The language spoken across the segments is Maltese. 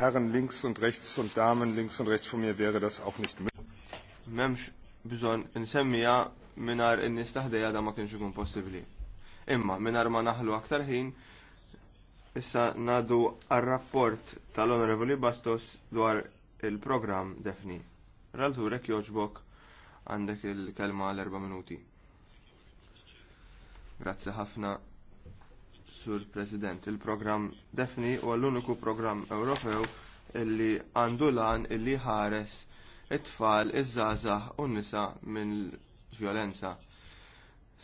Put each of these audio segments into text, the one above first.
Herren links und rechts und Damen links und rechts von mir wäre das auch nicht möglich. Memx bżon insemmija minar in-nies taħdejja da ma kienx ikun possibbli. Imma minar ma naħlu aktar ħin issa nadu għar-rapport tal-Onorevoli Bastos dwar il-programm Defni. Ralturek joġbok għandek il-kelma l-erba' minuti. Grazzi ħafna Sur President, il-programm Defni huwa l-uniku programm Ewropew illi għandu lan illi ħares it-tfal, iż-żgħażagħ u n-nisa minn violenza.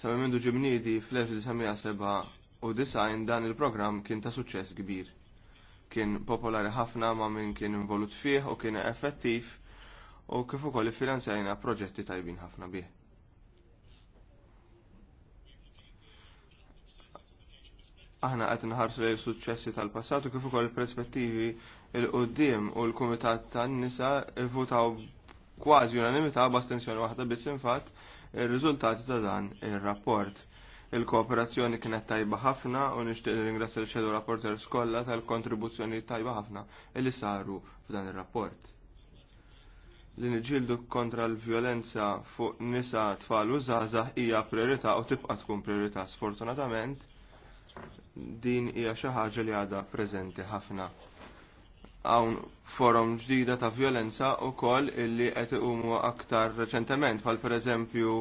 Sa minn ġimnidi fl-1997 dan il-programm kien ta' suċċess kbir. Kien popolari ħafna ma' min kien involut fih u kien effettiv u kif ukoll iffinanzjajna proġetti tajbin ħafna bih. aħna qed nħarsu lejn suċċessi tal-passat u kif ukoll perspettivi l qudiem u l-Kumitat tan-nisa votaw kważi unanimità b'astenzjoni waħda biss infatt ir-riżultati ta' dan ir-rapport. Il-kooperazzjoni kienet tajba ħafna u nixtieq ringrazzja l xedu rapporter Skolla tal-kontribuzzjoni tajba ħafna li saru f'dan ir-rapport. Li niġildu kontra l-vjolenza fuq nisa tfal u żgħażagħ hija priorità u tibqa' tkun priorità sfortunatament din hija xi ħaġa li għadha preżenti ħafna. Hawn forum ġdida ta' vjolenza wkoll illi qed iqumu aktar reċentement bħal pereżempju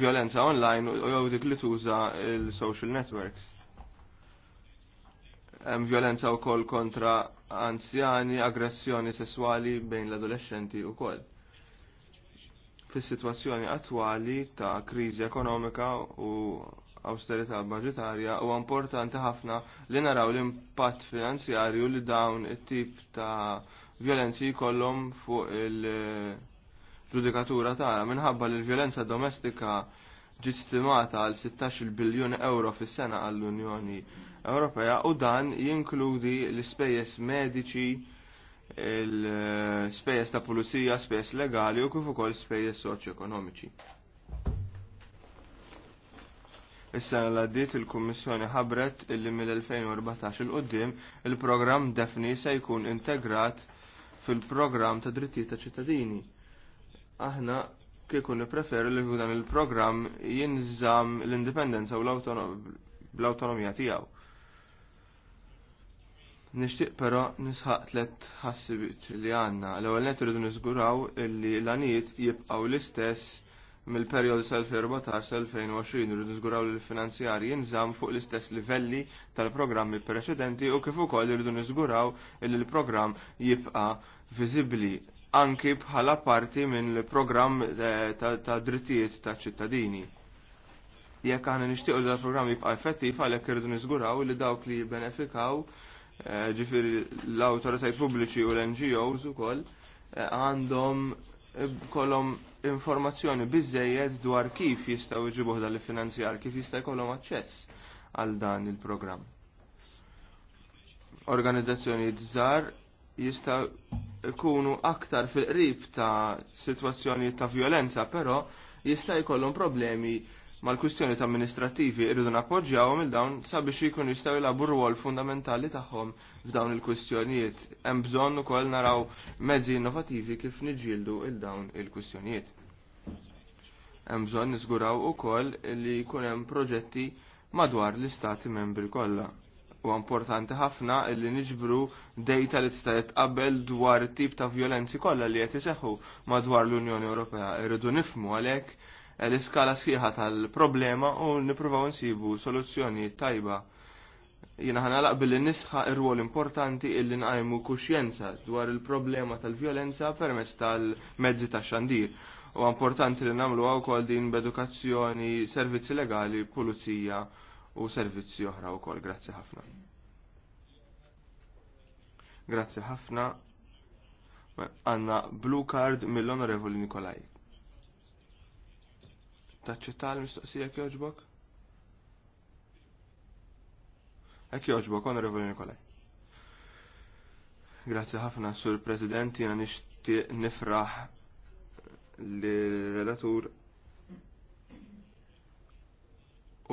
vjolenza online u jew dik li tuża il-social networks. Hemm vjolenza wkoll kontra anzjani, aggressjoni sesswali bejn l-adolescenti wkoll fis-sitwazzjoni attwali ta' kriżi ekonomika u austerità budgetarja u importanti ħafna li naraw l-impatt finanzjarju li dawn it-tip ta' violenzi jkollhom fuq il-ġudikatura tagħna minħabba li l-violenza domestika ġiet stimata għal 16 biljun euro fis-sena għall-Unjoni Ewropea u dan jinkludi l-ispejjeż mediċi l spejjeż ta' pulizija, spejjeż legali u kif ukoll spejjeż ekonomiċi. Is-sena l għaddiet il-Kummissjoni ħabret illi mill-2014 il quddiem il-programm Defni se jkun integrat fil-programm ta' drittijiet ta' ċittadini. Aħna kieku nippreferu li dan il-programm jinżamm l-indipendenza u l-awtonomija tiegħu. Nixtieq però nisħaq tliet ħassibit li għandna. L-ewwel net irridu niżguraw illi l-għanijiet jibqgħu l-istess mill-perjodu sal-2014-2020 rridu nżguraw li l-finanzjarji jinżamm fuq l-istess livelli tal-programmi preċedenti u kif ukoll irridu niżguraw li l-programm jibqa' viżibbli anki bħala parti minn l-programm eh, ta' drittijiet ta' ċittadini. Jekk aħna nixtiequ li l-programm jibqa' effettiv għalhekk irridu niżguraw li dawk li jibbenefikaw eh, ġifir l-awtoritajiet pubbliċi u l-NGOs ukoll eh, għandhom kolom informazzjoni biżżejjed dwar kif jistgħu jġibuh dal finanzjar kif jista' jkollhom aċċess għal dan il-programm. Organizzazzjoni żgħar jistaw jkunu aktar fil-qrib ta' sitwazzjonijiet ta' violenza, però jista' jkollhom problemi mal-kwistjoni ta' amministrativi irridu nappoġġjawhom il dawn sabiex jkun jistgħu jilagħbu rwol fundamentali tagħhom f'dawn il-kwistjonijiet. Hemm bżonn ukoll naraw mezzi innovativi kif niġġieldu il dawn il-kwistjonijiet. Hemm bżonn niżguraw ukoll li jkun hemm proġetti madwar l-istati membri kollha. U importanti ħafna li niġbru dejta li tista' tqabbel dwar it-tip ta' violenzi kollha li qed iseħħu madwar l-Unjoni Ewropea. Irridu nifhmu għalhekk l-iskala sħiħa tal-problema u nippruvaw nsibu soluzzjoni tajba. Jiena ħana laqbil li nisħa ir-rwol importanti illi nqajmu kuxjenza dwar il-problema tal-vjolenza permezz tal-mezzi tax xandir. U importanti li għaw wkoll din b'edukazzjoni, servizzi legali, pulizija u servizzi oħra wkoll. Grazzi ħafna. Grazzi ħafna. Għanna blue card mill-onorevoli Nikolaj. Taċċetta l-mistoqsija kjoġbok? Ek joġbok, onorevoli Nikolaj. Grazie ħafna, Sur President, jena nishtiq nifraħ l-relatur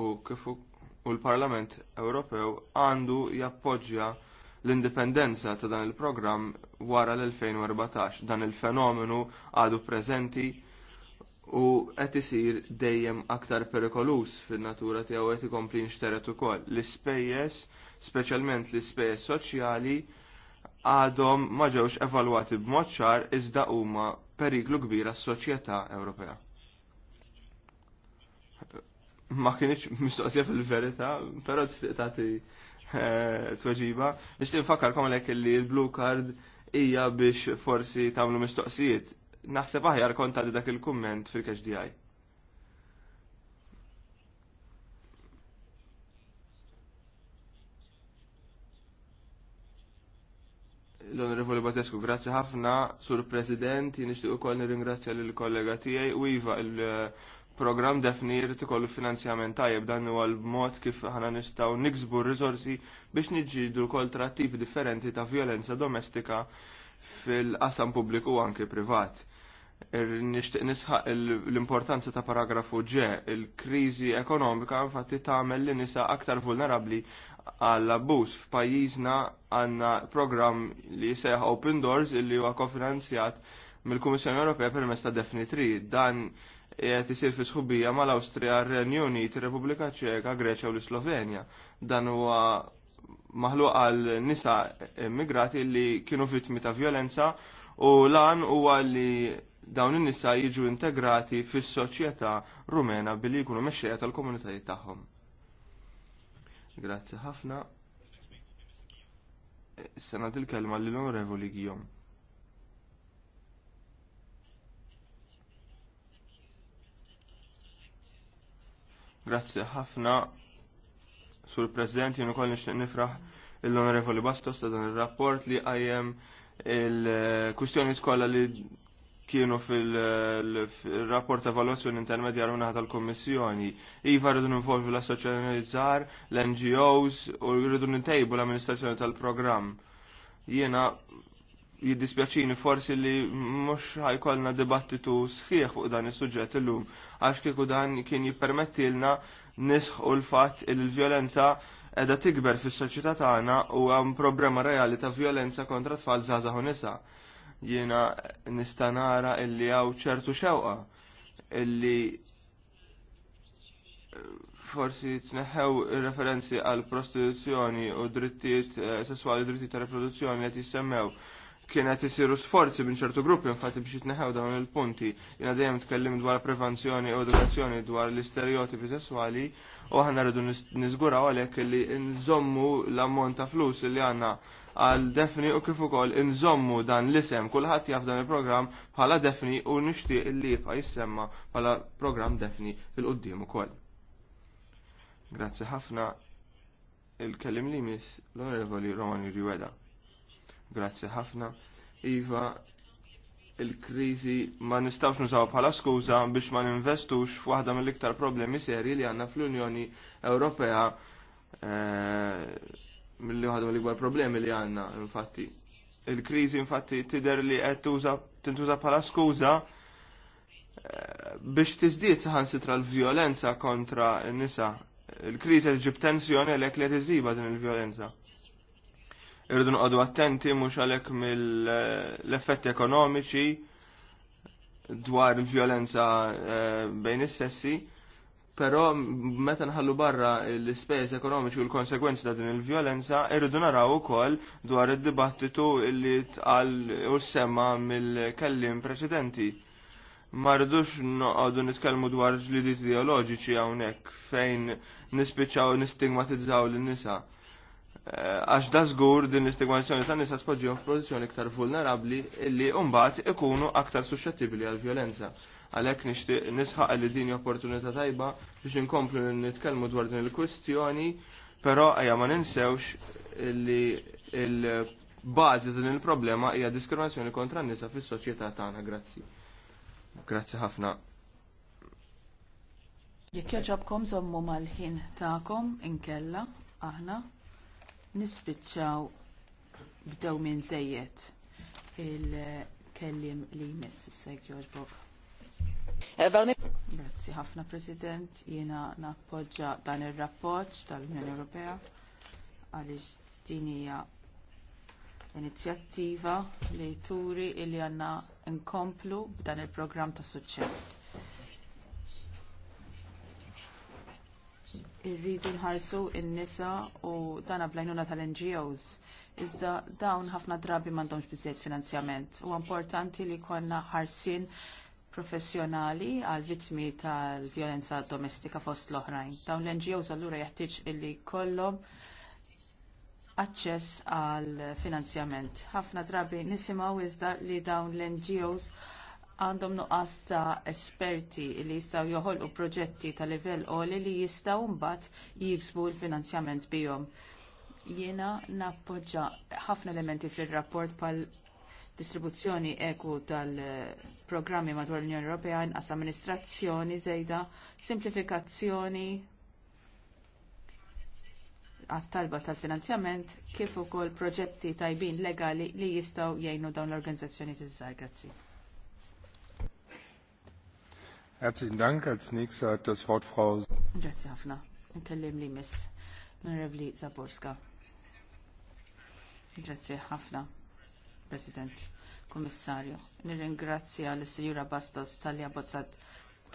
u kifu u l-Parlament Ewropew għandu jappoġġja l-indipendenza ta' dan il-programm wara l-2014. Dan il-fenomenu għadu preżenti u qed isir dejjem aktar perikolus fin-natura tiegħu qed ikompli nxteret ukoll. L-ispejjeż, speċjalment l-ispejjeż soċjali, għadhom ma ġewx evalwati b'mod ċar iżda huma periklu kbir għas-soċjetà Ewropea. Ma kienx mistoqsija fil-verità, però tista' tagħti eh, tweġiba. Nixtieq nfakkarkom għalhekk li l-blue card hija biex forsi tagħmlu mistoqsijiet naħseb aħjar konta dak il-kumment fil-KHDI. l-Onorevoli Bazesku, grazzi ħafna, Sur President, nixtieq ukoll nirringrazzja lill kollega tiegħi u iva il-programm defnir t ikollu finanzjament tajjeb dan huwa l-mod kif aħna nistgħu niksbu r biex nġidu koll trattipi differenti ta' violenza domestika fil-qasam pubbliku u anke privat nixtieq nisħaq l-importanza ta' paragrafu ġe, il-kriżi ekonomika infatti tagħmel li nisa aktar vulnerabbli għall abbuż f'pajjiżna għandna programm li jseħ Open Doors illi huwa kofinanzjat mill-Kummissjoni Ewropea permezz ta' Defni Dan qed isir fi sħubija mal-Awstrija, r-Renju Unit, ir-Repubblika Ċeka, Greċja u l-Slovenja. Dan huwa maħluq għal nisa immigrati li kienu vittmi ta' violenza u lan huwa li dawn in-nisa jiġu integrati fis-soċjetà rumena billi jkunu mexxejja tal-komunitajiet tagħhom. Grazzi ħafna. Sena il-kelma lill onorevoli Gijom. Grazzi ħafna. Sur President, jenu kol nixtieq nifraħ l-Onorevoli Bastos ta' dan ir rapport li qajjem il-kustjoni tkolla li kienu fil-rapport evaluazzjoni intermedjar minna tal-Kommissjoni. Iva rridu n-involvi l-assoċjonizzar, l-NGOs u rridu nintejbu l-amministrazzjoni tal-programm. Jiena jiddispjaċini forsi li mhux ħajkolna dibattitu sħiħ fuq dan is-suġġett illum għax kieku dan kien jippermettilna nisħu l-fatt il-vjolenza edha tikber fis-soċjetà tagħna u hemm problema reali ta' vjolenza kontra tfal żgħażagħ nisa jiena nista' nara illi hawn ċertu xewqa illi eh, forsi tneħħew referenzi għal prostituzzjoni u drittijiet eh, sessuali drittijiet ta' riproduzzjoni qed jissemmew kienet isiru sforzi minn ċertu gruppi infatti biex jitneħew dawn il-punti. Jina dejjem tkellim dwar prevenzjoni u edukazzjoni dwar l-istereotipi sessuali u aħna rridu niżguraw għalhekk li nżommu l-ammont ta' flus li għandna għal defni u kif ukoll nżommu dan l-isem kulħadd jaf dan il-programm bħala defni u nixtieq li jibqa' jissemma bħala programm defni fil-qudiem ukoll. Grazzi ħafna il-kellim li miss l-Onorevoli Romani Riweda. Grazzi ħafna. Iva, il-krizi ma nistawx nużaw bħala skuża biex ma ninvestux f'waħda mill-iktar problemi serji li għandna fl-Unjoni Ewropea eh, mill-li waħda li ikbar problemi li għandna infatti. Il-krizi infatti tider li qed tintuża bħala skuża eh, biex tizdiet saħan sitra l-vjolenza kontra n-nisa. Il-krizi ġib tensjoni għalhekk li din il-vjolenza irridu nqogħdu attenti mhux għalhekk mill-effetti ekonomiċi dwar violenza eh, bejn is-sessi, però meta nħallu barra l-ispejjeż ekonomiċi u l-konsegwenzi ta' din il-violenza, irridu naraw ukoll dwar id-dibattitu li tqal u semma mill-kellim preċedenti. Ma rridux noqogħdu nitkellmu dwar ġlidiet ideoloġiċi hawnhekk fejn nispiċċaw nistigmatizzaw lin-nisa. Eh, għax da żgur din l-istigmatizzazzjoni tan nisa tpoġġihom f'pożizzjoni iktar vulnerabbli illi mbagħad ikunu aktar suscettibbli għal violenza. Għalhekk nixtieq nisħaq li din opportunità tajba biex inkomplu nitkellmu dwar din il-kwistjoni, però ejja ma ninsewx li il-bażi din il-problema hija diskriminazzjoni kontra n-nisa fis-soċjetà tagħna. Grazzi. Grazzi ħafna. Jekk jaġabkom żommu mal-ħin tagħkom inkella aħna nispiċċaw b'dew minn żejjed il-kellim li jmiss s segjor Bob. Grazzi ħafna President, jiena nappoġġa dan ir-rapport tal-Unjoni Ewropea għaliex din hija inizjattiva li turi li għandna nkomplu b'dan il-programm ta' suċċess irridu nħarsu n-nisa u dan blajnuna tal-NGOs. Iżda dawn ħafna drabi m'għandhomx biżejjed finanzjament. Huwa importanti li jkollna ħarsien professjonali għal vittmi tal vjolenza domestika fost l-oħrajn. Dawn l-NGOs allura jeħtieġ illi jkollhom aċċess għal finanzjament. Ħafna drabi nisimgħu iżda li dawn l-NGOs għandhom nuqqas ta' esperti li jistgħu joħolqu proġetti ta' livell għoli li jistgħu mbagħad jiksbu l-finanzjament bihom. Jiena nappoġġa ħafna elementi fil-rapport pal distribuzzjoni eku tal-programmi madwar l-Unjoni Ewropea inqas amministrazzjoni żejda, simplifikazzjoni għat-talba tal-finanzjament kif ukoll proġetti tajbin legali li jistgħu jgħinu dawn l-organizzazzjoni tiż-żgħar. Grazzi. Herzlichen Dank. Als nächster hat das Wort Frau. Grazie ħafna. Nkellim li miss. Nrevli Zaborska. Grazie ħafna, President, Kommissarju. Nirringrazzja l-Sinjura Bastos tal-li abbozzat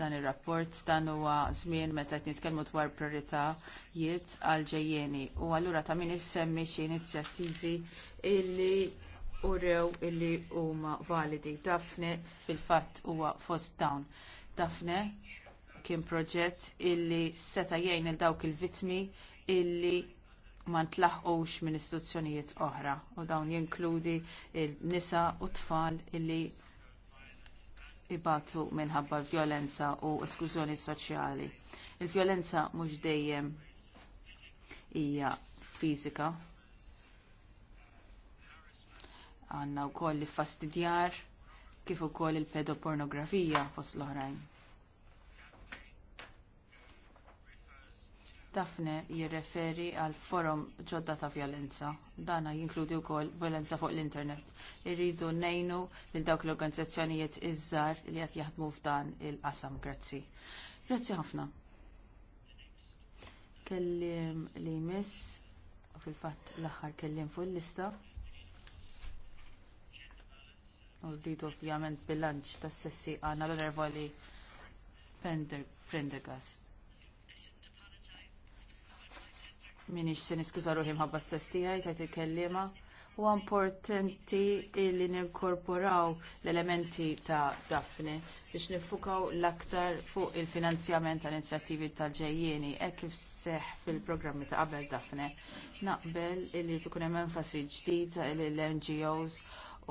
dan ir-rapport dan huwa żmien meta qed nitkellmu dwar prioritajiet għal ġejjeni u allura ta' min issemmi xi inizjattivi illi urew illi huma validi. Dafne fil-fatt huwa fost dawn. Dafne kien proġett illi seta jgħin il dawk il-vitmi illi ma ntlaħqux minn istituzzjonijiet oħra u dawn jinkludi il-nisa u tfal illi ibatu minħabba vjolenza u esklużjoni soċjali. Il-vjolenza mhux dejjem hija fiżika. Għandna wkoll fastidjar kif ukoll il-pedopornografija fost l-oħrajn. Dafne jirreferi għal forum ġodda ta' vjolenza. Dana jinkludi wkoll violenza fuq l-internet. Irridu nejnu lil dawk l-organizzazzjonijiet iż li qed jaħdmu f'dan il-qasam. Grazzi. Grazzi ħafna. Kellim li jmiss u fil-fatt l-aħħar kellim fuq il-lista. U rridu ovvjament bilanċ tas sessi għana l-onorevoli Prendergast. Minix se niskuża ruħi s stess tiegħi tajt il-kellima. Huwa importanti li ninkorporaw l-elementi ta' Daphne biex nifukaw l-aktar fuq il-finanzjament tal inizjattivi tal-ġejjieni hekk kif seħ fil-programmi ta' qabel Daphne. Naqbel li tkun hemm enfasi ġdida lill ngos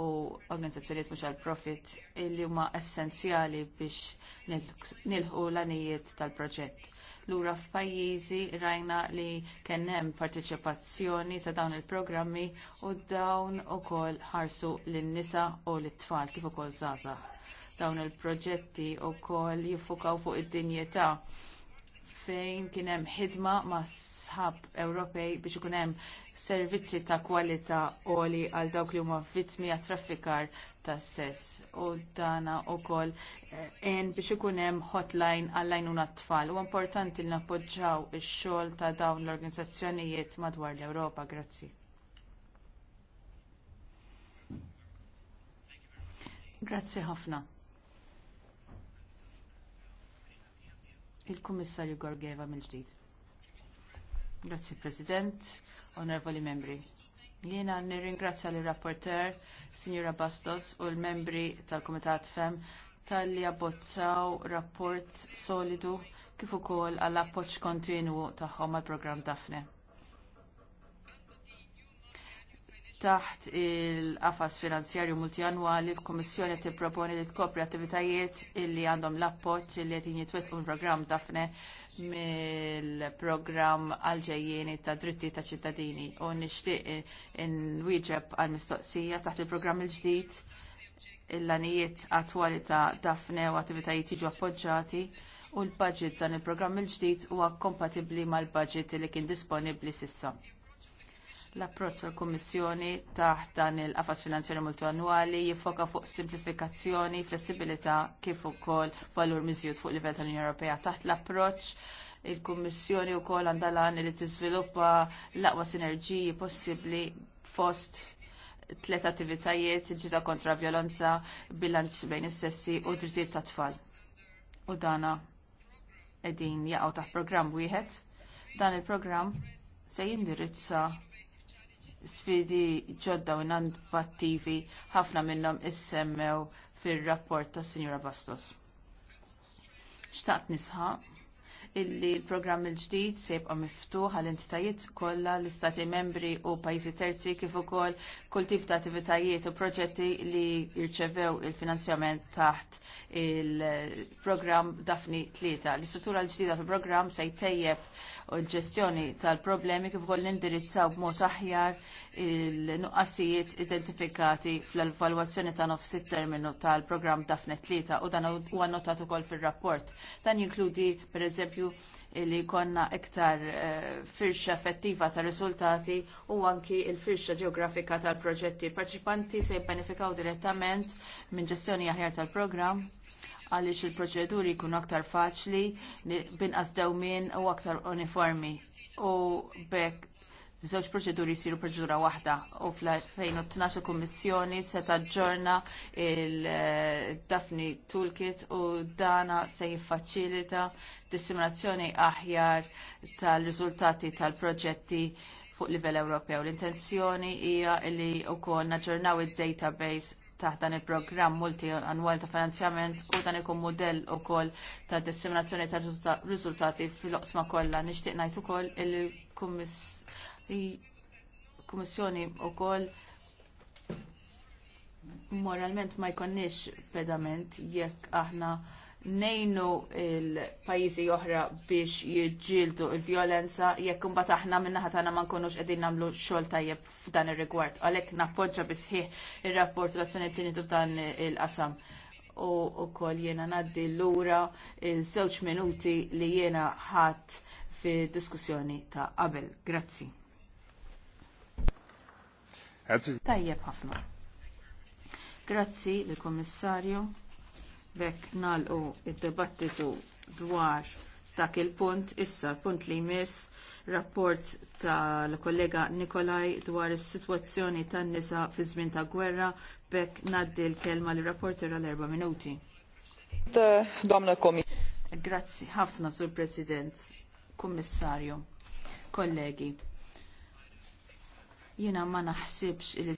u organizzazzjoniet mhux għal-profit illi huma essenzjali biex nilħu l-anijiet tal-proġett. Lura f'pajjiżi rajna li kien hemm partiċipazzjoni ta' dawn il-programmi u dawn ukoll ħarsu lin-nisa u lit-tfal kif ukoll żgħażagħ. Dawn il-proġetti wkoll jiffukaw fuq id-dinjetà fejn kien hemm ħidma ma' sħab Ewropej biex ikun hemm servizzi ta' kwalità għoli għal dawk li huma vittmi għat traffikar tas sess u dana wkoll eh, en biex ikun hemm hotline għall-għajnuna t-tfal. Huwa importanti li nappoġġjaw ix-xogħol ta' dawn l-organizzazzjonijiet madwar l-Ewropa. Grazzi. Grazzi ħafna. Il-Kummissarju Gorgeva mill-ġdid. Grazzi President, onorevoli membri. Jiena nirringrazzja l-rapporter, Signora Bastos, u l-membri tal-Komitat FEM tal-li abbozzaw rapport solidu kif ukoll għall appoġġ kontinwu tagħhom għall-programm Dafne. Taħt il-qafas finanzjarju multijanwali, l-Komissjoni tipproponi proponi li tkopri attivitajiet illi għandhom l-appoċ illi għetin jitwetqu program dafne mill-program għalġejjeni ta' dritti ta' ċittadini u nishtiq in wieġeb għal-mistoqsija taħt il-program il-ġdid il-lanijiet attwali ta' dafne u attivitajiet jiġu appoġġati u l-budget dan il-program il-ġdid huwa kompatibbli mal-budget li kien disponibbli sissa. L-approċċ tal kummissjoni taħt dan il-qafas finanzjari multianwali jiffoka fuq simplifikazzjoni, flessibilità kif ukoll valur miżjud fuq livell tal-Unjoni Ewropea. Taħt l-approċċ il-Kummissjoni wkoll għandha lan li tiżviluppa l-aqwa sinerġiji possibbli fost tliet attivitajiet ġita kontra vjolenza, bilanċ bejn is-sessi u drittijiet tat tfal. U dana qegħdin jaqgħu taħt programm wieħed. Dan il-programm se jindirizza sfidi ġodda u innovattivi ħafna minnhom issemmew fir-rapport tas Sinjura Bastos. Xtaqt nisħa illi l-programm il-ġdid se jibqa' miftuħ għal entitajiet kollha l-istati membri u pajjiżi terzi kif ukoll kull tip ta' attivitajiet u proġetti li jirċevew il-finanzjament taħt il-programm Dafni Tlieta. L-istruttura l-ġdida fil-programm se jtejjeb u l-ġestjoni tal-problemi kif ukoll nindirizzaw b'mod aħjar il-nuqqasijiet identifikati fl-evalwazzjoni ta' nofs terminu tal-programm Dafne Tlieta u dan huwa notat ukoll fir-rapport. Dan jinkludi pereżempju li konna iktar uh, firxa effettiva ta' riżultati u anki il-firxa ġeografika tal-proġetti. Parċipanti se jibbenifikaw direttament minn ġestjoni aħjar tal-programm għaliex il-proċeduri jkunu aktar faċli, binqas dewmien u aktar uniformi. U bekk żewġ proċeduri jsiru proċedura waħda u fl-2012 kummissjoni se taġġorna il dafni Toolkit u dana se jiffaċilita dissimulazzjoni aħjar tal-riżultati tal-proġetti fuq livell Ewropew. L-intenzjoni hija li wkoll naġġornaw id database taħt dan il-programm multi annwal ta' finanzjament u dan ikun modell ukoll ta' disseminazzjoni ta' riżultati fil-oqsma kollha. Nixtieq ngħid ukoll il-Kummissjoni wkoll moralment ma jkonniex pedament jekk aħna nejnu il-pajizi oħra biex jġildu il-violenza jekk imbagħad aħna minnaħa tagħna ma nkunux qegħdin nagħmlu xogħol tajjeb f'dan ir-rigward. Għalhekk nappoġġa bisħiħ ir-rapport l-azzjoni t tan il-qasam u wkoll jiena ngħaddi lura żewġ minuti li jiena ħadd fid-diskussjoni ta' qabel. Grazzi. Tajjeb ħafna. Grazzi lill komissarju Bekk nalqu id-debattitu dwar dak il-punt issa punt li jmiss rapport tal-kollega Nikolaj dwar is-sitwazzjoni tan-nisa fi żmien ta' gwerra bekk ngħaddi l-kelma lir rapporter għal erba' minuti. Grazzi ħafna sur President, Kummissarju, kollegi. Jiena ma naħsibx il